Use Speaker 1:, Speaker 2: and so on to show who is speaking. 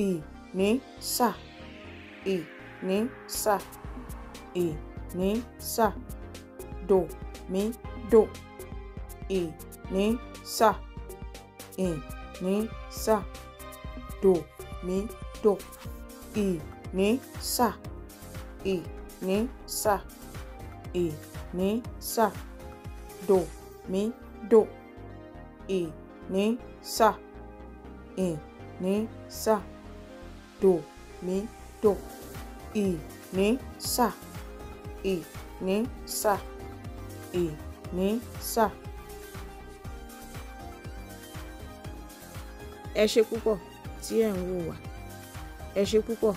Speaker 1: ìnísà ìnísà ìnísà dòmídò ìnísà ìnísà dòmídò ìnísà ìnísà ìnísà E ìnísà sa. Do mí do, ì ní sa, ì ní sa, ì ní sa. ẹ ṣé púpọ̀ tí ẹ̀ ń wò
Speaker 2: wá ẹ ṣé púpọ̀